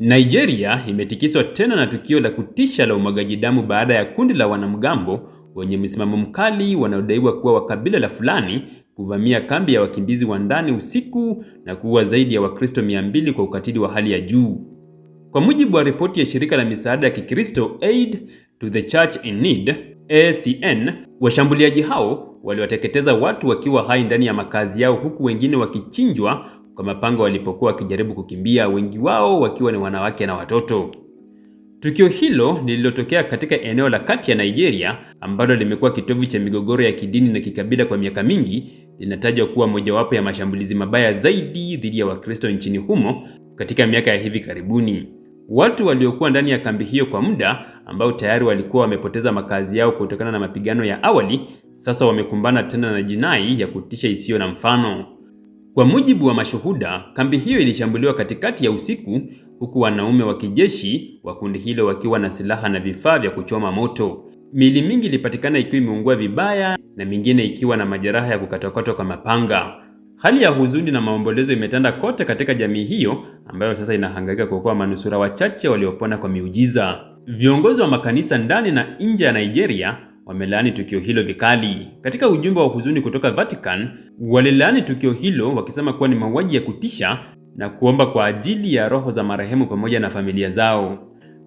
Nigeria imetikiswa tena na tukio la kutisha la umwagaji damu baada ya kundi la wanamgambo wenye msimamo mkali wanaodaiwa kuwa wa kabila la Fulani kuvamia kambi ya wakimbizi wa ndani usiku na kuua zaidi ya Wakristo 200 kwa ukatili wa hali ya juu. Kwa mujibu wa ripoti ya shirika la misaada ya Kikristo Aid to the Church in Need, ACN, washambuliaji hao waliwateketeza watu wakiwa hai ndani ya makazi yao huku wengine wakichinjwa kwa mapango walipokuwa wakijaribu kukimbia, wengi wao wakiwa ni wanawake na watoto. Tukio hilo lililotokea katika eneo la kati ya Nigeria ambalo limekuwa kitovu cha migogoro ya kidini na kikabila kwa miaka mingi linatajwa kuwa mojawapo ya mashambulizi mabaya zaidi dhidi ya Wakristo nchini humo katika miaka ya hivi karibuni. Watu waliokuwa ndani ya kambi hiyo kwa muda, ambao tayari walikuwa wamepoteza makazi yao kutokana na mapigano ya awali, sasa wamekumbana tena na jinai ya kutisha isiyo na mfano. Kwa mujibu wa mashuhuda, kambi hiyo ilishambuliwa katikati ya usiku, huku wanaume wa kijeshi wa kundi hilo wakiwa na silaha na vifaa vya kuchoma moto. Miili mingi ilipatikana ikiwa imeungua vibaya na mingine ikiwa na majeraha ya kukatwakatwa kwa mapanga. Hali ya huzuni na maombolezo imetanda kote katika jamii hiyo ambayo sasa inahangaika kuokoa manusura wachache waliopona kwa miujiza. Viongozi wa makanisa ndani na nje ya Nigeria wamelaani tukio hilo vikali. Katika ujumbe wa huzuni kutoka Vatican, walilaani tukio hilo wakisema kuwa ni mauaji ya kutisha na kuomba kwa ajili ya roho za marehemu pamoja na familia zao.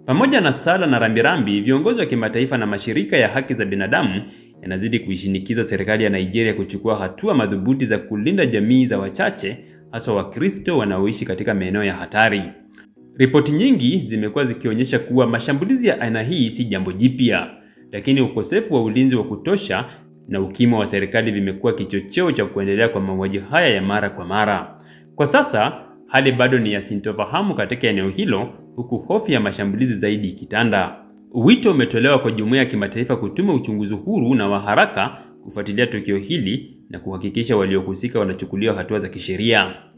Pamoja na sala na rambirambi, viongozi wa kimataifa na mashirika ya haki za binadamu yanazidi kuishinikiza serikali ya Nigeria kuchukua hatua madhubuti za kulinda jamii za wachache, haswa Wakristo wanaoishi katika maeneo ya hatari. Ripoti nyingi zimekuwa zikionyesha kuwa mashambulizi ya aina hii si jambo jipya lakini ukosefu wa ulinzi wa kutosha na ukimya wa serikali vimekuwa kichocheo cha kuendelea kwa mauaji haya ya mara kwa mara. Kwa sasa hali bado ni ya sintofahamu katika eneo hilo, huku hofu ya mashambulizi zaidi ikitanda. Wito umetolewa kwa jumuiya ya kimataifa kutuma uchunguzi huru na wa haraka kufuatilia tukio hili na kuhakikisha waliohusika wanachukuliwa hatua za kisheria.